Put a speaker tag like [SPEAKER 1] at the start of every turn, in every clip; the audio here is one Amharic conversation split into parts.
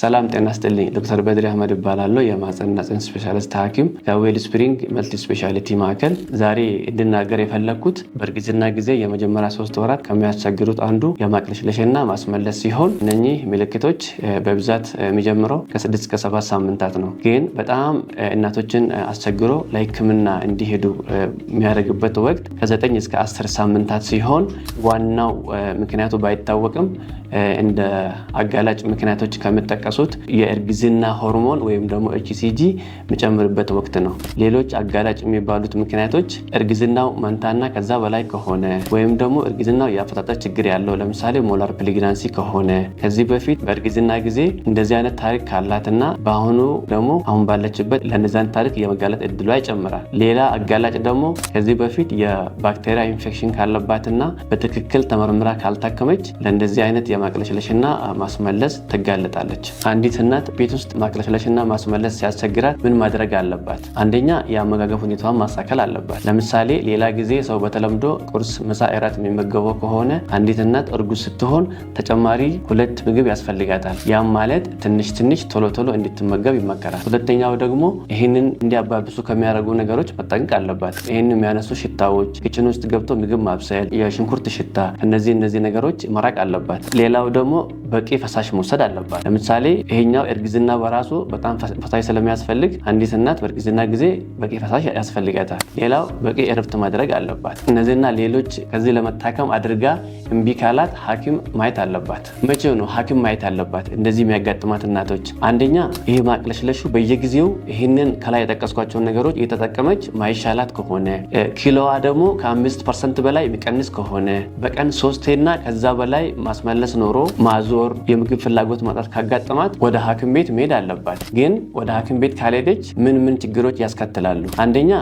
[SPEAKER 1] ሰላም ጤና ስጥልኝ። ዶክተር በድሪ አህመድ እባላለሁ የማህፀንና ፅንስ ስፔሻሊስት ሐኪም ከዌል ስፕሪንግ መልቲ ስፔሻሊቲ ማዕከል። ዛሬ እንድናገር የፈለግኩት በእርግዝና ጊዜ የመጀመሪያ ሶስት ወራት ከሚያስቸግሩት አንዱ የማቅለሽለሽና ማስመለስ ሲሆን እነኚህ ምልክቶች በብዛት የሚጀምረው ከስድስት እስከ ሰባት ሳምንታት ነው። ግን በጣም እናቶችን አስቸግሮ ለህክምና እንዲሄዱ የሚያደርግበት ወቅት ከዘጠኝ እስከ አስር ሳምንታት ሲሆን ዋናው ምክንያቱ ባይታወቅም እንደ አጋላጭ ምክንያቶች ከምጠቀ የጠቀሱት የእርግዝና ሆርሞን ወይም ደግሞ ኤችሲጂ የሚጨምርበት ወቅት ነው። ሌሎች አጋላጭ የሚባሉት ምክንያቶች እርግዝናው መንታና ከዛ በላይ ከሆነ ወይም ደግሞ እርግዝናው የአፈጣጠር ችግር ያለው ለምሳሌ ሞላር ፕሊግናንሲ ከሆነ ከዚህ በፊት በእርግዝና ጊዜ እንደዚህ አይነት ታሪክ ካላትና በአሁኑ ደግሞ አሁን ባለችበት ለነዛን ታሪክ የመጋለጥ እድሏ ይጨምራል። ሌላ አጋላጭ ደግሞ ከዚህ በፊት የባክቴሪያ ኢንፌክሽን ካለባትና በትክክል ተመርምራ ካልታከመች ለእንደዚህ አይነት የማቅለሽለሽና ማስመለስ ትጋለጣለች። አንዲት እናት ቤት ውስጥ ማቅለሽለሽና ማስመለስ ሲያስቸግራት ምን ማድረግ አለባት? አንደኛ የአመጋገብ ሁኔታዋን ማሳከል አለባት። ለምሳሌ ሌላ ጊዜ ሰው በተለምዶ ቁርስ፣ ምሳ፣ እራት የሚመገበው ከሆነ አንዲት እናት እርጉዝ ስትሆን ተጨማሪ ሁለት ምግብ ያስፈልጋታል። ያም ማለት ትንሽ ትንሽ ቶሎ ቶሎ እንድትመገብ ይመከራል። ሁለተኛው ደግሞ ይህንን እንዲያባብሱ ከሚያደርጉ ነገሮች መጠንቅ አለባት። ይህን የሚያነሱ ሽታዎች፣ ኪችን ውስጥ ገብቶ ምግብ ማብሰል፣ የሽንኩርት ሽታ፣ እነዚህ እነዚህ ነገሮች መራቅ አለባት። ሌላው ደግሞ በቂ ፈሳሽ መውሰድ አለባት። ለምሳሌ ይሄኛው እርግዝና በራሱ በጣም ፈሳሽ ስለሚያስፈልግ አንዲት እናት በእርግዝና ጊዜ በቂ ፈሳሽ ያስፈልጋታል። ሌላው በቂ እረፍት ማድረግ አለባት። እነዚህና ሌሎች ከዚህ ለመታከም አድርጋ እምቢ ካላት ሐኪም ማየት አለባት። መቼ ነው ሐኪም ማየት አለባት? እንደዚህ የሚያጋጥማት እናቶች አንደኛ ይህ ማቅለሽለሹ በየጊዜው ይህንን ከላይ የጠቀስኳቸውን ነገሮች እየተጠቀመች ማይሻላት ከሆነ ኪሎዋ ደግሞ ከአምስት ፐርሰንት በላይ የሚቀንስ ከሆነ በቀን ሶስቴና ከዛ በላይ ማስመለስ ኖሮ ማዞር፣ የምግብ ፍላጎት ማጣት ካጋጠማት ወደ ሐኪም ቤት መሄድ አለባት። ግን ወደ ሐኪም ቤት ካልሄደች ምን ምን ችግሮች ያስከትላሉ? አንደኛ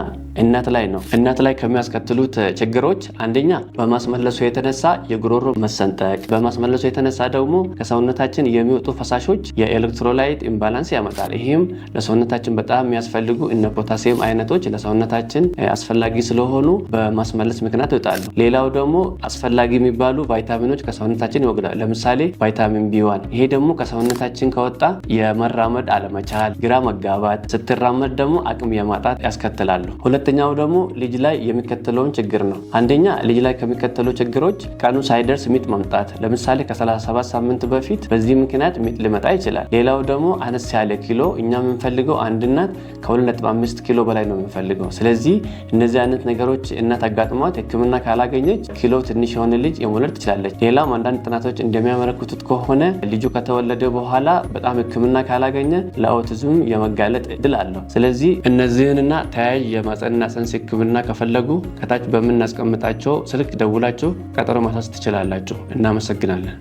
[SPEAKER 1] እናት ላይ ነው። እናት ላይ ከሚያስከትሉት ችግሮች አንደኛ በማስመለሱ የተነሳ የጉሮሮ መሰንጠቅ፣ በማስመለሱ የተነሳ ደግሞ ከሰውነታችን የሚወጡ ፈሳሾች የኤሌክትሮላይት ኢምባላንስ ያመጣል። ይህም ለሰውነታችን በጣም የሚያስፈልጉ እነ ፖታሲየም አይነቶች ለሰውነታችን አስፈላጊ ስለሆኑ በማስመለስ ምክንያት ይወጣሉ። ሌላው ደግሞ አስፈላጊ የሚባሉ ቫይታሚኖች ከሰውነታችን ይወግዳል። ለምሳሌ ቫይታሚን ቢዋን ይሄ ደግሞ ከሰውነታችን ከወጣ የመራመድ አለመቻል፣ ግራ መጋባት፣ ስትራመድ ደግሞ አቅም የማጣት ያስከትላሉ። ሁለተኛው ደግሞ ልጅ ላይ የሚከተለውን ችግር ነው። አንደኛ ልጅ ላይ ከሚከተለው ችግሮች ቀኑ ሳይደርስ ሚጥ መምጣት፣ ለምሳሌ ከ37 ሳምንት በፊት በዚህ ምክንያት ሚጥ ሊመጣ ይችላል። ሌላው ደግሞ አነስ ያለ ኪሎ፣ እኛ የምንፈልገው አንድ እናት ከ2.5 ኪሎ በላይ ነው የምንፈልገው። ስለዚህ እነዚህ አይነት ነገሮች እናት አጋጥሟት ሕክምና ካላገኘች ኪሎ ትንሽ የሆነ ልጅ የመውለድ ትችላለች። ሌላም አንዳንድ ጥናቶች እንደሚያመለክቱት ከሆነ ልጁ ከተወለደ በኋላ በጣም ሕክምና ካላገኘ ለአውቲዝም የመጋለጥ እድል አለው። ስለዚህ እነዚህንና ተያያዥ የማጸ እና ሳንስ ህክምና ከፈለጉ ከታች በምናስቀምጣቸው ስልክ ደውላችሁ ቀጠሮ ማሳስ ትችላላችሁ። እናመሰግናለን።